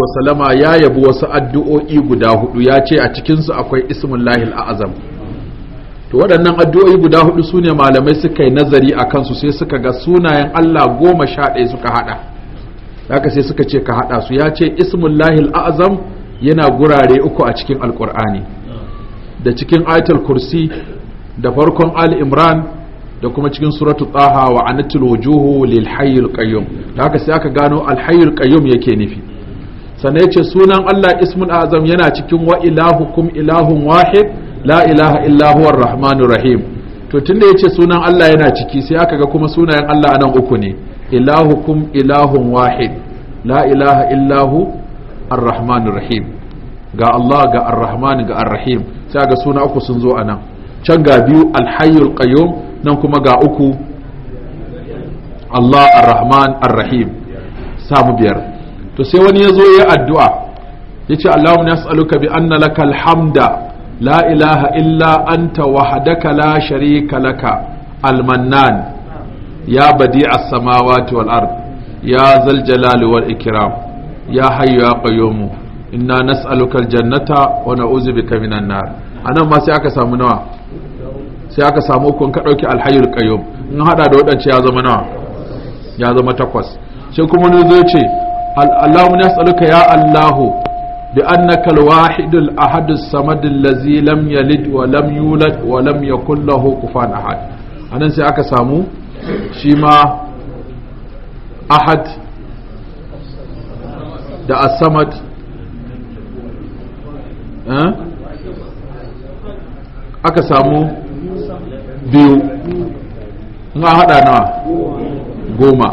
Wasalama ya yabi wasu addu'o'i guda hudu ya ce a cikinsu akwai ismullahil a'azam to waɗannan addu'o'i guda hudu su ne malamai suka yi nazari a kansu sai suka ga sunayen Allah goma sha ɗaya suka haɗa haka sai suka ce ka haɗa su ya ce ismullahil a'azam yana gurare uku a cikin alƙur'ani da cikin ayatul kursi da farkon al imran da kuma cikin suratu taha wa anatul wujuhu lil hayyul qayyum haka sai aka gano al hayyul qayyum yake nufi sannan yace sunan Allah ismul azam yana cikin wa ilahukum ilahun wahid la ilaha illa rahmanur rahim to tunda yace sunan Allah yana ciki sai aka ga kuma sunayen Allah anan uku ne ilahukum ilahun wahid la ilaha illa hu arrahmanur rahim ga Allah ga arrahman ga arrahim sai suna uku sun zo anan can ga biyu alhayyul qayyum nan kuma ga uku Allah arrahman arrahim samu biyar to sai wani ya zo ya addu'a ya ce Allahumma nas'aluka bi anna laka alhamda la ilaha illa anta wahadaka la sharika laka almannan ya badi'a as-samawati wal ard ya zal wal ya hayyu ya qayyum inna nas'aluka aljannata wa na'udzu bika minan nar anan ma sai aka samu nawa sai aka samu kun ka dauki alhayyul qayyum in hada da wadance ya zama nawa ya zama takwas sai kuma ne zo ce اللهم نسألك يا الله بأنك الواحد الأحد الصمد الذي لم يلد ولم يولد ولم يكن له كفوا أحد أنا سي أكا سامو شيما أحد da asamad aka samu biyu in an haɗa na goma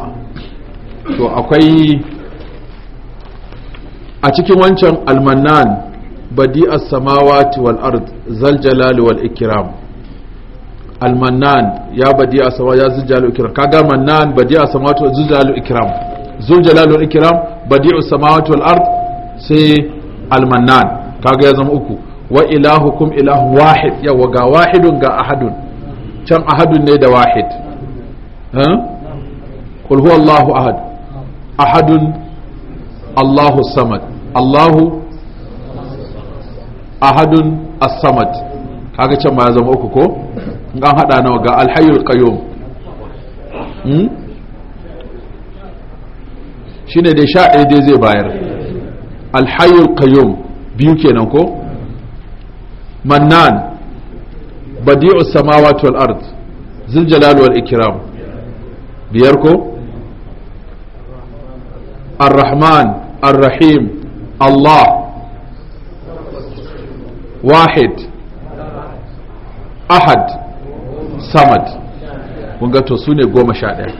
to akwai a cikin wancan almanan badi as-samawati wal ard zal jalali wal ikram almanan ya badi as-samawa ya zal wal'ikiram. wal ikram kaga mannan badi as-samawati wal zal jalali wal'ikiram, ikram zal jalali wal ikram badi as-samawati wal ard sai almanan kaga ya zama uku wa ilahukum ilahun wahid yawa ga wahidun ga ahadun can ahadun ne da wahid eh? qul huwallahu ahad ahadun allahu samad Allahu ahadun as-samad kaga can ma ya zama uku ko in an hada nawa ga al-hayyul qayyum hmm? shine dai sha ɗaya dai zai bayar al-hayyul qayyum biyu kenan ko mannan badi'u samawati wal ard zul jalal wal ikram biyar ko ar-rahman ar-rahim الله واحد أحد samad mun ga to su goma sha ɗaya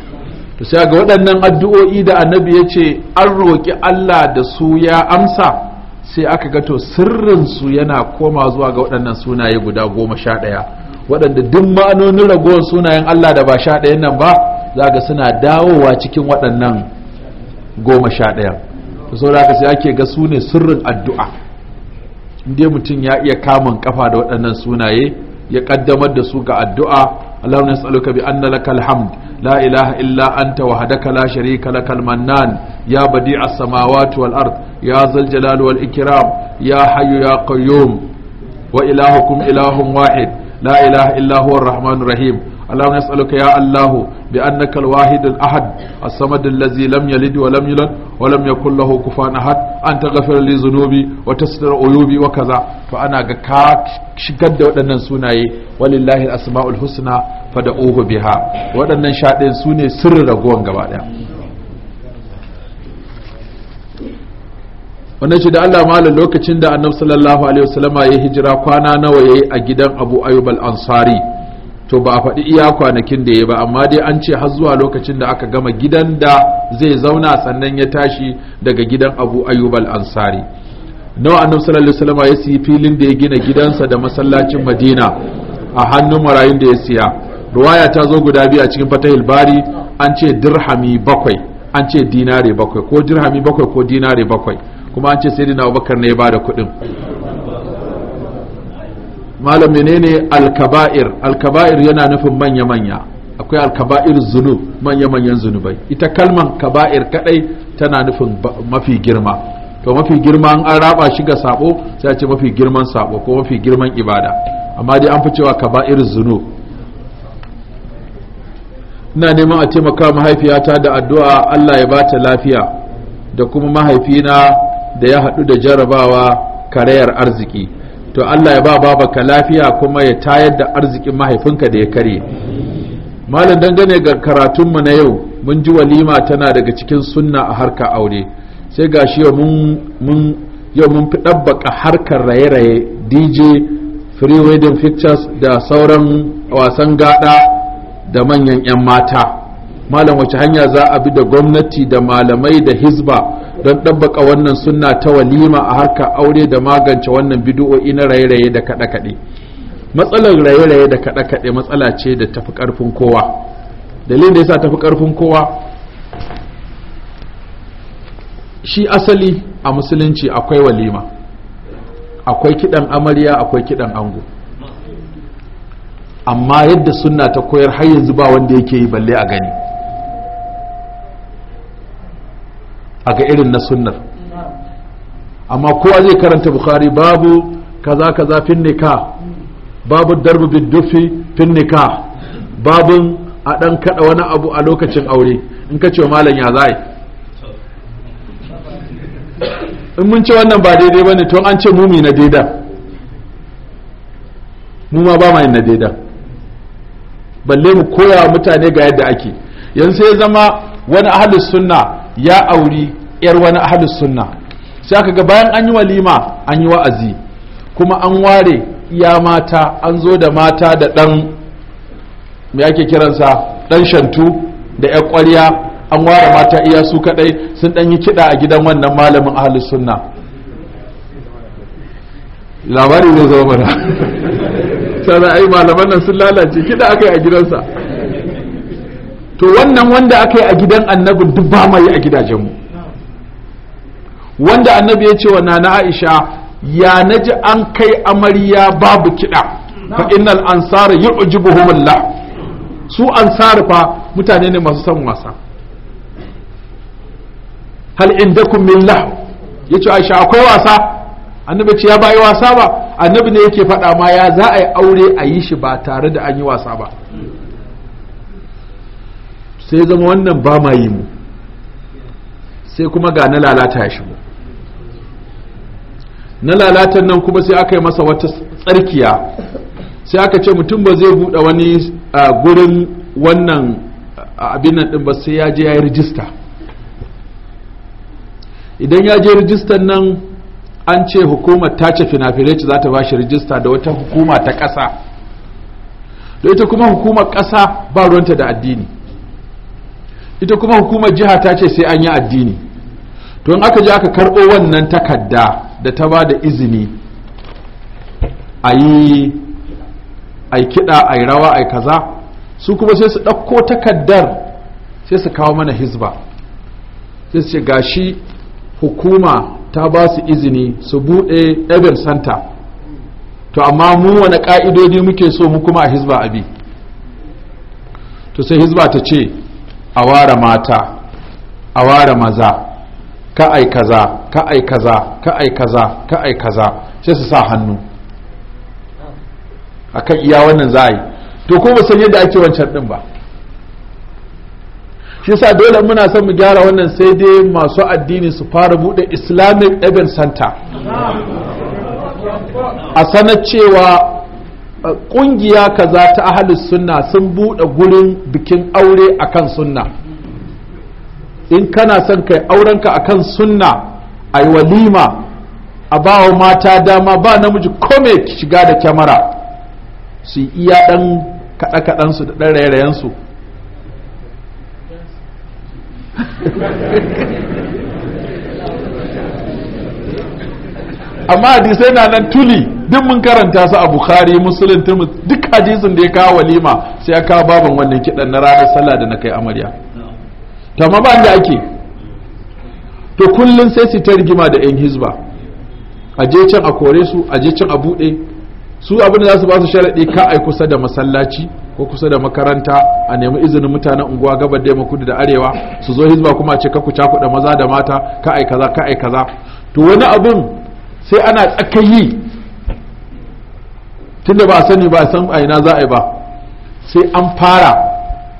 to sai ga waɗannan addu'o'i da annabi ya ce an roƙi Allah da su ya amsa sai aka ga to sirrin su yana koma zuwa ga waɗannan sunaye guda goma sha ɗaya waɗanda duk ma'anonin ragowar sunayen Allah da ba sha ɗayan nan ba za ga suna dawowa cikin waɗannan goma sha ɗaya da saboda haka sai ake ga su ne sirrin addu'a inda mutum ya iya kamun kafa da waɗannan sunaye ya kaddamar da su ga addu'a Allahumma saluka bi anna lakal hamd la ilaha illa anta wahdaka la sharika lakal mannan ya badi'as samawati wal ard ya zal jalali wal ikram ya hayyu ya qayyum wa ilahukum ilahun wahid la ilaha illa huwa arrahmanur rahim اللهم نسألك يا الله بأنك الواحد الأحد الصمد الذي لم يلد ولم يولد ولم يكن له كفوا أحد أن تغفر لي ذنوبي وتستر عيوبي وكذا فأنا كاك شقد ودنن سناي ولله الأسماء الحسنى فدعوه بها ودنن شادين سوني سر رغون gaba daya wannan shi da Allah malam lokacin da annabi sallallahu alaihi wasallama ya hijira kwana nawa yayi a gidan Abu Ayyub al-Ansari to ba a faɗi iya kwanakin da ya ba amma dai an ce har zuwa lokacin da aka gama gidan da zai zauna sannan ya tashi daga gidan abu ayyubal ansari nawa annabi sallallahu alaihi wasallam ya siyi filin da ya gina gidansa da masallacin madina a hannun marayun da ya siya ruwaya ta zo guda biyu a cikin fatahil bari an ce dirhami bakwai an ce dinare bakwai ko dirhami bakwai ko dinare bakwai kuma an ce sai dina abubakar na ya bada kuɗin malam menene alkaba'ir alkaba'ir yana nufin manya-manya akwai alkaba'ir zunub manya-manyan zunubai ita kalman kaba'ir kadai tana nufin mafi girma to mafi girma an raba shi ga sabo sai ce mafi girman sabo ko mafi girman ibada amma dai an fi cewa kaba'ir zunub ina neman a taimaka mahaifiyata da addu'a Allah ya ba ta lafiya da kuma mahaifina da ya haɗu da jarabawa karayar arziki to Allah ya ba babanka lafiya kuma ya tayar da arzikin mahaifinka da ya kare malam dangane ga karatunmu na yau mun ji walima tana daga cikin sunna a harka aure sai mun mun yau mun fi dabbaka harkar raye-raye dj free wedding pictures da sauran wasan gada da manyan 'yan mata malam wace hanya za a bi da gwamnati da malamai da hizba don ɗabbaka wannan sunna ta walima a harka aure da magance wannan bidiyo'i na raye-raye da kaɗe-kaɗe matsalar raye-raye da kaɗe-kaɗe matsala ce da tafi ƙarfin kowa dalilin da yasa tafi ƙarfin kowa shi asali a musulunci akwai walima akwai kiɗan amarya akwai kiɗan ango amma yadda sunna ta koyar har yanzu ba wanda yake yi balle a gani a ga irin na sunnar amma kowa zai karanta bukari babu kaza kaza fin nika babu darbu biddufi fin nika babun a dan kada wani abu a lokacin aure in ka ce malam ya zai in mun ce wannan ba daidai bane to an ce mumi na daida mu ma ba ma yin na daida balle mu koya mutane ga yadda ake yanzu sai zama wani ahlus sunna ya auri yar wani ahadus sunna sai aka ga bayan an yi walima an yi wa'azi kuma an ware iya mata an zo da mata da dan me ake kiransa dan shantu da yar ƙwarya an ware mata iya su kadai sun dan yi kida a gidan wannan malamin ahadus sunna labari zai zama mana sai ai malaman nan sun lalace kida aka yi a gidansa to wannan wanda aka yi a gidan annabi, duk ba mai a gidajenmu wanda annabi ya ce wa nana aisha ya naji an kai amarya babu kiɗa fa innal ansara yu'jibuhumullah su ansar fa mutane ne masu son wasa hal indakum Ya yace aisha akwai wasa annabi ce ya bai wasa ba annabi ne yake faɗa ma ya za a yi aure a yi shi ba tare da an yi wasa ba sai zama wannan ba ma yi mu sai kuma ga na lalata ya shigo na lalatan nan kuma sai aka yi masa wata tsarkiya sai aka ce mutum ba zai buɗe wani gurin wannan abin nan ɗin ba sai ya je ya yi rijista idan ya je rijistan nan an ce hukumar tace fina-finai ce za ta ba shi rijista da wata hukuma ta ƙasa da ita kuma hukumar ƙasa ba ruwanta da addini ita kuma hukumar jiha ta ce sai an yi addini to in aka je aka karɓo wannan takarda da ta ba da izini a yi a kiɗa rawa a kaza su kuma sai su ɗauko takardar sai su kawo mana hizba sai su ce gashi hukuma ta ba su izini su buɗe ɗabin santa to amma mu wani ƙa'idodi muke so mu kuma a hizba abi to sai hizba ta ce a ware mata a ware maza ka ai kaza ka ai kaza ka ai kaza ka ai kaza sai su sa hannu akan iya wannan za to ko ba san yadda ake wancan din ba shi sa dole muna son mu gyara wannan sai dai masu addini su fara bude islamic event center a sanar cewa Uh, ƙungiya kaza ta ahalus sunna sun buɗe gurin bikin aure akan sunna in kana son kai aurenka akan sunna a yi walima a ba wa mata dama ba namiji kome shiga da kyamara su yi iya ɗan kaɗe-kaɗensu da ɗan rayayensu amma hadisai na nan tuli duk mun karanta su a bukhari musulun turmus duk hadisin da ya kawo walima sai ya kawo baban wannan kiɗan na ranar sallah da na kai amarya to ba da ake to kullum sai su targima da yan hizba a je can a kore su a je can a bude su abin da za su ba su sharaɗi ka ai kusa da masallaci ko kusa da makaranta a nemi izinin mutanen unguwa gabar da kudu da arewa su zo hizba kuma ce ka ku cakuɗa maza da mata ka ai kaza ka ai kaza to wani abin sai ana tsakayi tunda ba a sani ba san a ina za a yi ba sai an fara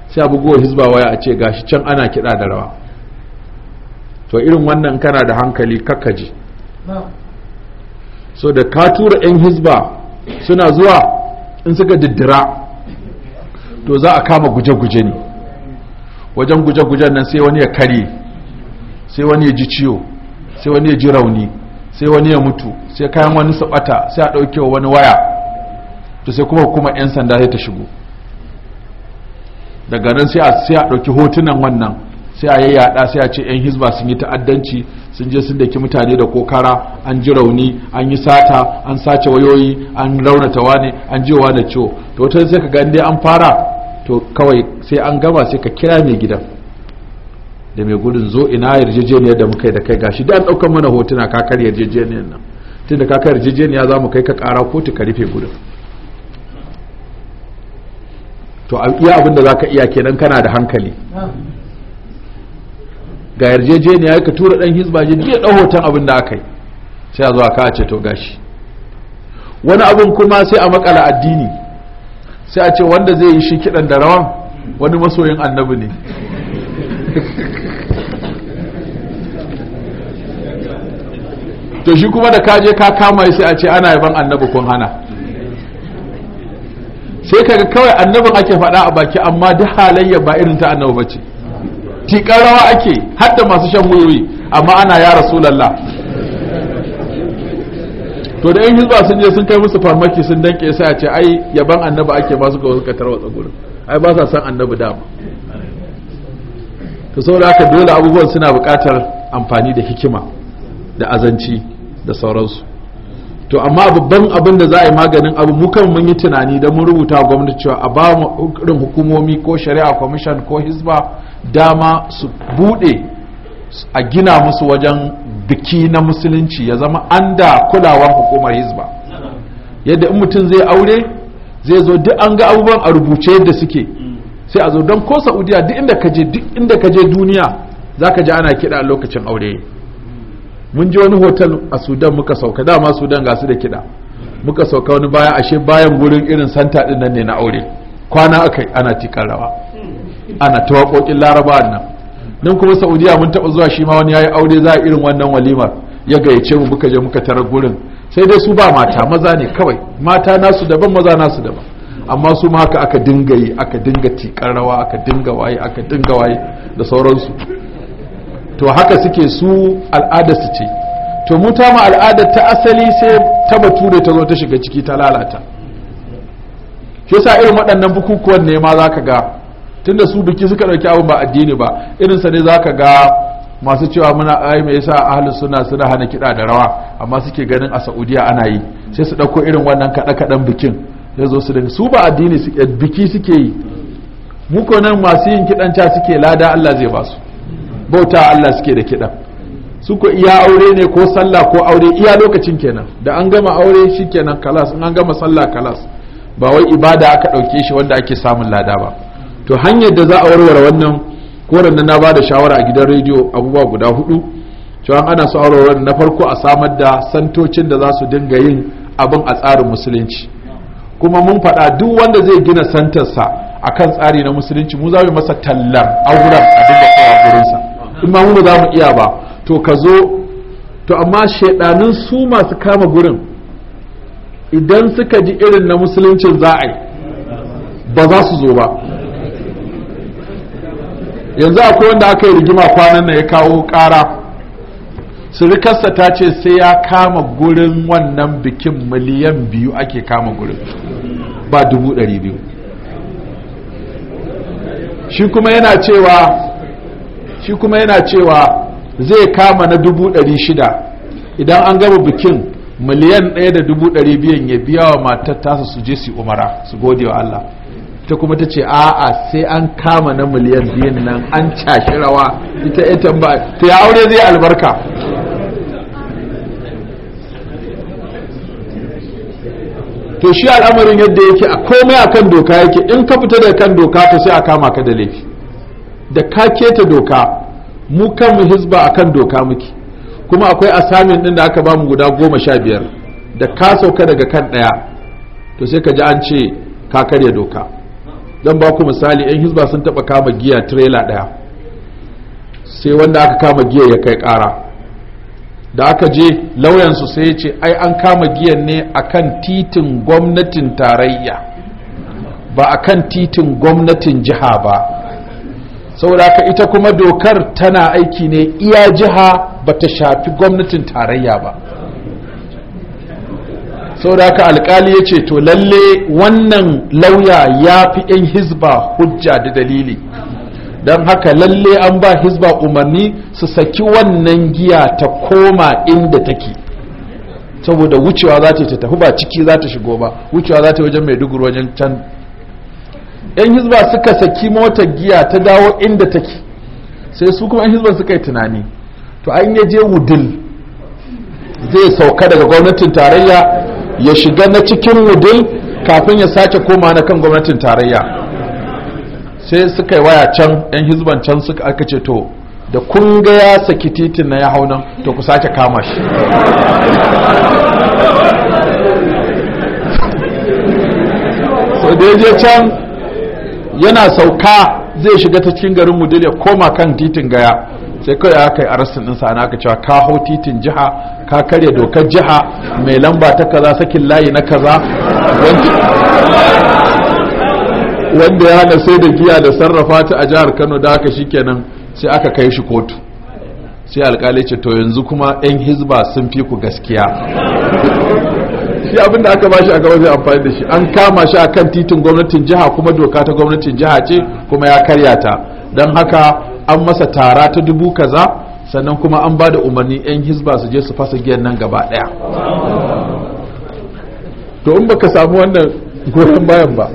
sai abu gowa hizba waya a ce gashi can ana kiɗa da rawa to irin wannan kana da hankali kakkaji so da ka tura 'yan hizba suna zuwa in suka diddira to za a kama guje-guje ne wajen guje-gujen nan sai wani ya kare sai wani ya ji ciwo sai wani ya ji rauni sai wani ya mutu sai kayan wani su sai a ɗauke wa wani waya to sai kuma hukumar 'yan sanda sai ta shigo daga nan sai a ɗauki hotunan wannan sai a yayyada sai a ce 'yan hizba sun yi ta'addanci sun je sun daki mutane da kokara an ji rauni an yi sata an sace wayoyi an raunata wani an ji wa da ciwo to wata sai ka gani an fara to kawai sai an gama sai ka kira mai gidan da mai gudun zo ina yarjejeniyar da muka yi da kai gashi dan daukan ɗaukar mana hotuna kakar yarjejeniyar nan tun da kakar yarjejeniya za mu kai ka ƙara kotu ka rufe gudun to iya abin da za ka iya kenan kana da hankali ga yarjejeniya ka tura ɗan hizba je ya ɗau hoton abin da aka yi sai a zuwa ka a ce to gashi wani abin kuma sai a makala addini sai a ce wanda zai yi shi kiɗan da rawan wani masoyin annabi ne to shi kuma da kaje ka kama shi a ce ana yaban annabi kun hana sai kaga kawai annabin ake faɗa a baki amma duk halayya ba irin ta annabi bace tikar rawa ake hadda masu shan wuyoyi amma ana ya rasulullah to da yan hizba sun je sun kai musu farmaki sun danke sai a ce ai yaban annabi ake ba su ga wasu katarwa tsagurin ai ba sa san annabi dama to saboda haka dole abubuwan suna buƙatar amfani da hikima da azanci da sauransu to amma babban abin da za a yi maganin abu mukan mun yi tunani da mun rubuta gwamnati cewa a ba mu irin hukumomi ko shari'a commission ko hisba dama su bude a gina musu wajen biki na musulunci ya zama an da kulawar hukumar hisba yadda in mutum zai aure zai zo duk an ga abubuwan a rubuce yadda suke sai a zo don ko saudiya duk inda ka je duk inda ka je duniya zaka ji ana kiɗa lokacin aure mun je wani hotel a sudan muka sauka dama sudan gasu da kiɗa muka sauka wani baya ashe bayan gurin irin santa din nan ne na aure kwana aka ana tikar rawa ana ta waƙoƙin laraba nan nan kuma saudiya mun taɓa zuwa shi ma wani yayi aure za a irin wannan walimar ya gayyace mu muka je muka tara gurin sai dai su ba mata maza ne kawai mata nasu daban maza nasu daban amma su ma haka aka dinga yi aka dinga tikar rawa aka dinga waye aka dinga waye da sauransu to haka suke su al'ada su ce to mu ta ma al'ada ta asali sai ta bature ta zo ta shiga ciki ta lalata shi yasa irin waɗannan bukukuwan ne ma zaka ga tunda su biki suka ɗauki abin ba addini ba irin sa ne zaka ga masu cewa muna ai me yasa ahlus sunna suna hana kiɗa da rawa amma suke ganin a Saudiya ana yi sai su ɗauko irin wannan kaɗe-kaɗen bikin ya zo su su ba addini su biki suke yi muku nan masu yin kiɗan ca suke lada Allah zai ba su bauta Allah suke da kiɗan su ko iya aure ne ko sallah ko aure iya lokacin kenan da an gama aure shi kenan kalas in an gama sallah kalas ba wai ibada aka ɗauke shi wanda ake samun lada ba to hanyar da za a warware wannan koren na ba da shawara a gidan rediyo abubuwa guda hudu cewa ana su warware na farko a samar da santocin da za su dinga yin abin a tsarin musulunci kuma mun faɗa duk wanda zai gina santarsa a kan tsari na musulunci mu za mu masa tallan auren a dinga kowa gurinsa in ma mu ba za mu iya ba to ka zo to amma shaidanin su masu kama gurin idan suka ji irin na musuluncin za a ba za su zo ba yanzu akwai wanda aka yi rigima kwanan nan ya kawo ƙara surukarsa ta ce sai ya kama gurin wannan bikin miliyan biyu ake kama gurin ba dubu ɗari biyu shi kuma yana cewa shi kuma yana cewa zai kama na dubu ɗari shida idan an gaba bikin miliyan ɗaya da dubu ɗari biyan ya biya wa matar tasa su je su umara su gode wa Allah ta kuma ta ce a'a sai an kama na miliyan biyan nan an cashi rawa ita ita ba ta ya aure zai albarka to shi al'amarin yadda yake a komai akan doka yake in ka fita da kan doka to sai a kama ka da laifi da ka keta doka mu kan mu hizba akan doka muke kuma akwai asamin ɗin da aka bamu guda goma sha biyar da ka sauka daga kan ɗaya to sai ka ji an ce ka karya doka zan ba ku misali yan hizba sun taɓa kama giya tirela ɗaya sai wanda aka kama giya ya kai ƙara da aka je lauyansu sai ya ce ai an kama giyan ne a kan titin gwamnatin tarayya ba a kan titin gwamnatin jiha ba saboda ita kuma dokar tana aiki ne iya jiha ba ta shafi gwamnatin tarayya ba saboda ka alkali ya ce to lalle wannan lauya ya fi 'yan hizba hujja da dalili don haka lalle an ba hizba umarni su saki wannan giya ta koma inda take saboda wucewa za ta tafi ba ciki za ta shigo ba wucewa za ta wajen maiduguri wajen can yan hizba suka saki mota giya ta dawo inda take sai su kuma yan hizba suka yi tunani to an ya je wudil zai sauka daga gwamnatin tarayya ya shiga na cikin wudil kafin ya sake koma na kan gwamnatin tarayya sai suka yi waya can yan hizban can suka aka ce to da kun ga ya saki titin na ya hau nan to ku sake kama shi so da je can yana sauka zai shiga ta cikin garin mudil ya koma kan titin gaya sai kawai aka yi arsin ɗinsa ana aka cewa ka hau titin jiha ka karya dokar jiha mai lamba ta kaza sakin layi na kaza wanda ya hana sai da giya da sarrafa ta a jihar kano da haka shikenan sai aka kai shi kotu sai alkali ce to yanzu kuma 'yan hizba sun fi ku gaskiya shi abin da aka bashi a gaba zai amfani da shi an kama shi a kan titin gwamnatin jiha kuma doka ta gwamnatin jiha ce kuma ya karya ta don haka an masa tara ta dubu kaza sannan kuma an bada umarni 'yan hizba su je su fasa giyan nan gaba daya to in baka samu wannan goyon bayan ba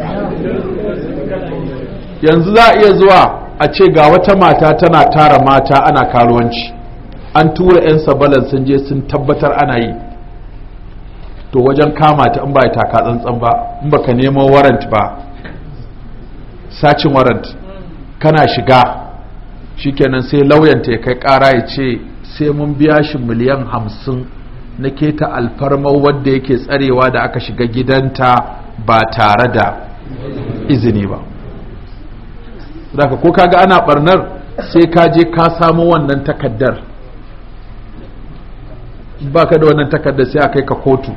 yanzu za a iya zuwa a ce ga wata mata tana tara mata ana karuwanci an tura 'yan sabalan sun je sun tabbatar ana yi to wajen kama ta in ba taka tsantsan ba in ba ka nemo warrant ba sacin warrant kana shiga shikenan sai lauyanta ya kai kara ya ce sai mun biya shi miliyan hamsin na keta alfarmar wadda yake tsarewa da aka shiga gidanta ba tare da izini ba zaka ko kaga ana barnar sai ka je ka samu wannan takaddar baka da wannan takaddar sai a kai ka kotu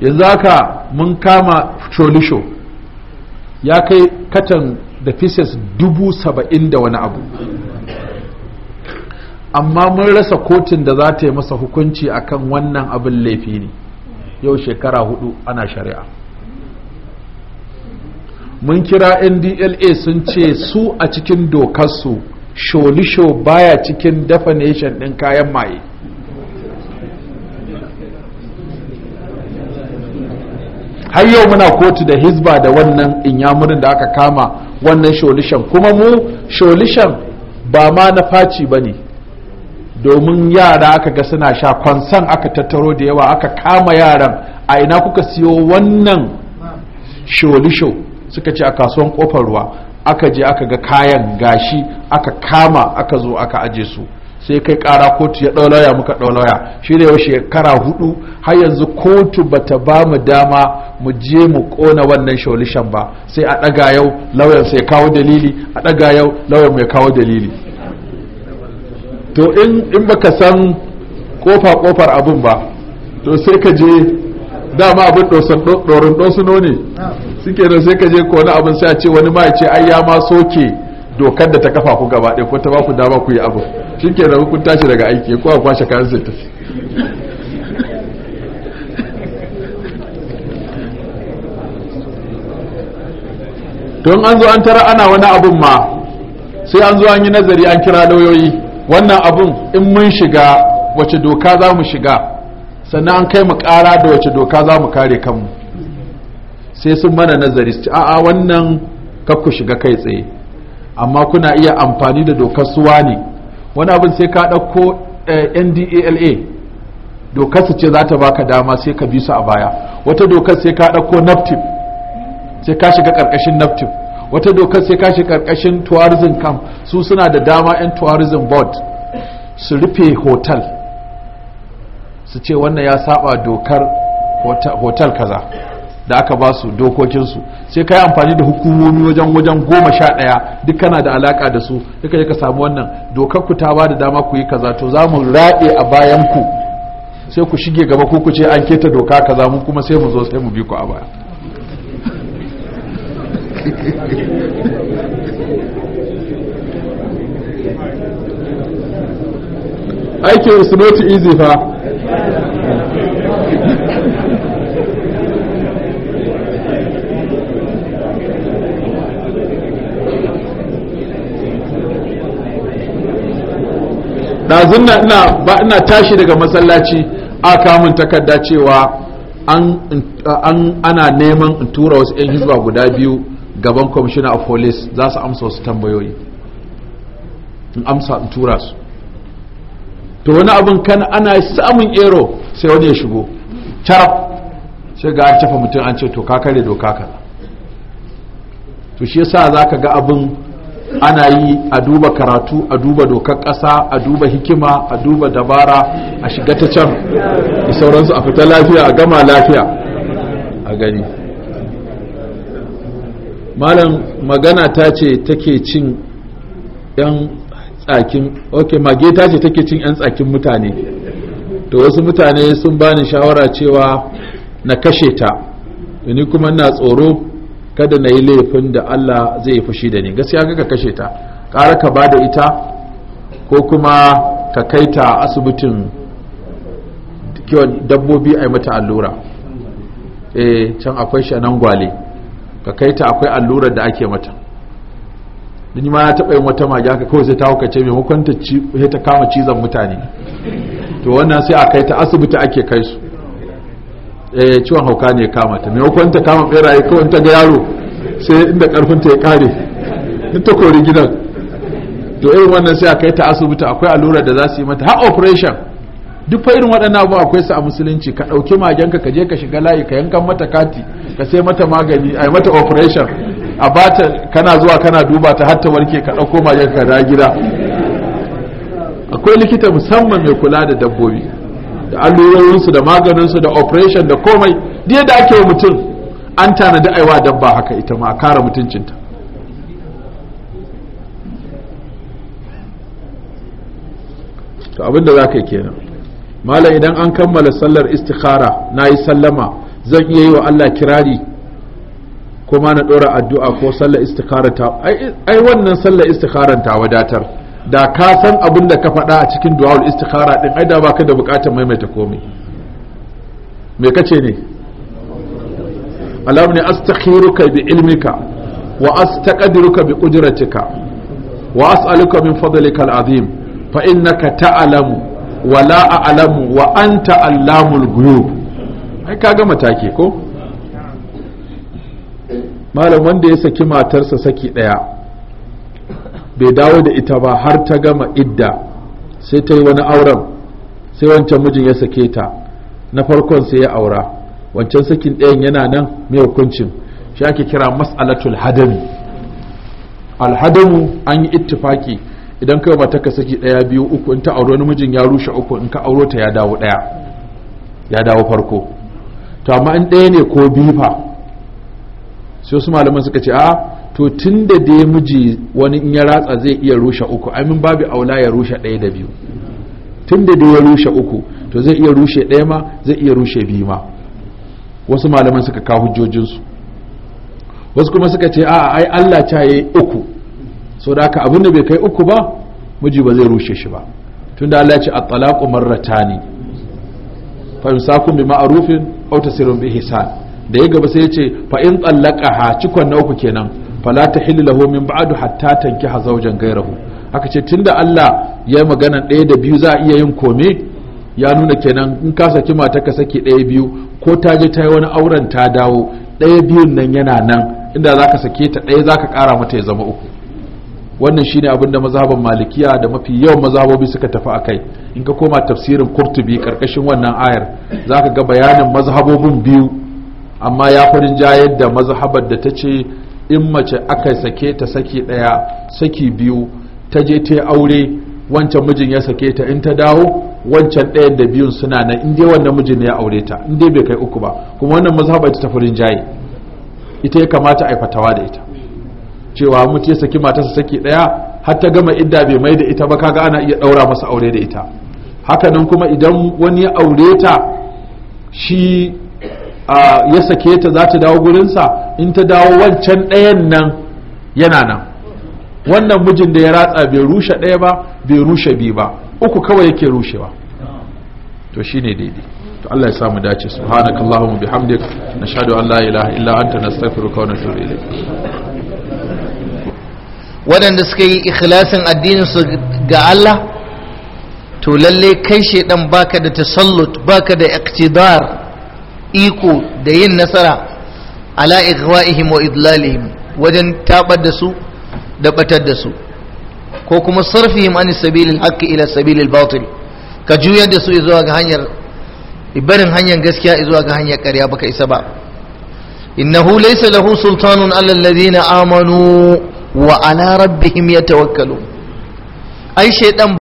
yanzu haka mun kama cholisho ya kai katan da fishes dubu saba'in da wani abu amma mun rasa kotun da za ta yi masa hukunci akan wannan abin laifi ne yau shekara hudu ana shari'a mun kira ndla sun ce su a cikin dokarsu sholisho baya cikin definition din kayan maye har yau muna kotu da hisba da wannan inyamurin da aka kama wannan sholishan kuma mu sholishan ba ma na faci ba ne domin yara aka ga suna sha kwansan aka tattaro da yawa aka kama yaran a ina kuka siyo wannan sholisho suka ce a kasuwan kofar ruwa aka je aka ga kayan gashi aka kama aka zo aka aje su sai kai kara kotu ya ɗau lauya muka ɗau lauya shi da yau shekara hudu har yanzu kotu ta ba mu dama mu je mu kona wannan sholishan ba sai a ɗaga yau lauyan sai kawo dalili a ɗaga yau lauyan mai kawo dalili to in baka san kofa kofar abin ba to sai ka je dama abin dorin dosuno ne ah. suke nan sai ka je ko wani abin sai a ce wani ma ce ai ya ma soke dokar da ta kafa ku gaba ɗaya ko ta ba ku dama ku yi abu ke nan kun tashi daga aiki ko a kwashe kayan sai tafi don an zo an tara ana wani abun ma sai an zo an yi nazari an kira lauyoyi wannan abun in mun shiga wace doka za mu shiga sannan an kai mu ƙara da wace doka za mu kare kanmu sai sun mana nazari su a'a wannan kakku shiga kai tsaye amma kuna iya amfani da dokar suwa ne wani abin sai ka ɗauko eh, ndala dokar su ce za ta baka dama sai ka bi su a baya wata dokar sai ka ɗauko naftif sai ka shiga ƙarƙashin naftif wata dokar sai ka shiga ƙarƙashin tourism camp su suna da dama 'yan tourism board su rufe hotel su ce wannan ya saba dokar hotel kaza da aka ba su dokokinsu sai ka yi amfani da hukumomi wajen wajen goma sha ɗaya duk kana da alaka da su duka ka samu wannan dokar ku ta ba da dama ku yi kaza to za mu raɗe a bayan ku sai ku shige gaba ko ku ce an keta doka kaza mu kuma sai mu zo sai mu bi ku a baya aikin su not easy fa ɗazun na ina ba ina tashi daga masallaci a kamun takarda cewa an ana neman in tura wasu 'yan hizba guda biyu gaban commissioner of police za su amsa wasu tambayoyi in amsa in tura su to wani abin kan ana samun ero sai wani ya shigo carab sai ga an mutum an ce to ka kare doka ka. to shi yasa ka ga abin ana yi a duba karatu a duba dokar kasa a duba hikima a duba dabara a shiga ta can da sauransu a fita lafiya a gama lafiya a gani malam magana ta ce take cin 'yan tsakin ok mage ce take cin 'yan tsakin mutane to wasu mutane sun bani shawara cewa na kashe ta ni kuma na tsoro kada na yi laifin da Allah zai fushi da ni gaskiya ga ka kashe ta ƙara ka ba da ita ko kuma ka kai ta asibitin kiwon dabbobi a mata allura eh can akwai shanan gwale ka kai ta akwai allurar da ake mata da ma ya taɓa yin wata mage haka kawai sai ta hukace mai ta sai ta kama cizon mutane to wannan sai a kai ta asibiti ake kai su eh ciwon hauka ne kama ta mai ta kama beraye kawai ta ga yaro sai inda karfin ta ya kare ta kori gidan to irin wannan sai a kai ta asibiti akwai allurar da za su yi mata har operation duk fa irin waɗannan abu akwai su a musulunci ka ɗauki magenka ka je ka shiga layi ka yankan mata kati ka sai mata magani ai mata operation a bata kana zuwa kana duba ta hatta warke ka ɗauko magen ka da gida akwai likita musamman mai kula da dabbobi da allurorinsu da maganinsu da operation da komai da yadda ake wa mutum an tanadi aiwa dabba haka ita ma a mutuncinta to da za ka yi kenan malam idan an kammala sallar istikhara na yi sallama zan iya yi wa allah kirari ko na ɗora addu'a ko sallar ta ai wannan sallar ta wadatar da ka san abin da ka faɗa a cikin du'a'ul istikhara din ai da baka da buƙatar maimaita komai me kace ne alam ne astakhiruka bi ilmika wa astaqdiruka bi qudratika wa as'aluka min fadlika al'azim fa innaka ta'lamu wa la a'lamu wa anta allamul ghuyub ai kaga mataki ko malam wanda ya saki matarsa saki ɗaya bai dawo da ita ba har ta gama idda sai ta yi wani auren sai wancan mijin ya sake ta na farkon sai ya aura wancan sakin ɗayan yana nan mai hukuncin shi ake kira mas'alatul hadami alhadamu an yi ittifaki idan kai mata ka saki ɗaya biyu uku in ta auro wani mijin ya rushe uku in ka auro ta ya dawo ɗaya ya dawo farko to amma in ɗaya ne ko biyu fa sai wasu malaman suka ce a to tun da dai miji wani in ya ratsa zai iya rushe uku amin babu aula ya rushe ɗaya da biyu tun da dai ya rushe uku to zai iya rushe ɗaya ma zai iya rushe biyu ma wasu malaman suka kawo hujjojinsu wasu kuma suka ce a ai Allah ta yi uku so da haka abin da bai kai uku ba miji ba zai rushe shi ba tun da Allah ya ce at-talaqu marratani Fahimsa kun bi bi da ya gaba sai ya ce fa in ha cikon na uku kenan fala tahillu lahu min ba'du hatta ha zaujan gairahu aka ce tun da Allah ya yi magana ɗaya da biyu za a iya yin kome ya nuna kenan in ka saki mata ka saki ɗaya biyu ko ta je ta yi wani auren ta dawo ɗaya biyun nan yana nan inda za ka sake ta ɗaya za ka ƙara mata ya zama uku wannan shine abin da mazhaban malikiya da mafi yawan mazhabobi suka tafi a kai in ka koma tafsirin kurtubi karkashin wannan ayar za ka ga bayanin mazhabobin biyu amma ya farin jayar da mazhabar da ta ce in mace aka sake ta saki daya saki biyu ta je ta aure wancan mijin ya sake ta in ta dawo wancan ɗaya da biyun suna nan in dai wannan mijin ya aure ta in dai bai kai uku ba kuma wannan mazhabar ta farin jaye ita ya kamata a fatawa da ita cewa mutu ya saki matarsa saki ɗaya har ta gama idda bai mai da ita ba kaga ana iya ɗaura masa aure da ita haka nan kuma idan wani ya aure ta shi ya sake ta za ta dawo gurinsa in ta dawo wancan ɗayan nan yana nan wannan mijin da ya ratsa bai rushe ɗaya ba bai rushe biyu ba uku kawai yake rushewa to shine daidai to Allah ya samu dace subhanakallahumma bihamdik nashhadu an la ilaha illa anta nastaghfiruka wa natubu ilayk waɗanda suka yi ikhlasin addinin su ga Allah to lalle kai shedan baka da tasallut baka da iqtidar iko da yin nasara ala ighwa'ihim wa idlalihim wajen tabar da su da batar da su ko kuma sarfihim an sabilil haqqi ila sabilil batil ka juyar da su zuwa ga hanyar barin hanyar gaskiya zuwa ga hanyar ƙarya baka isa ba innahu laysa lahu sultanun ala alladhina amanu wa ala rabbihim yatawakkalun ai shaydan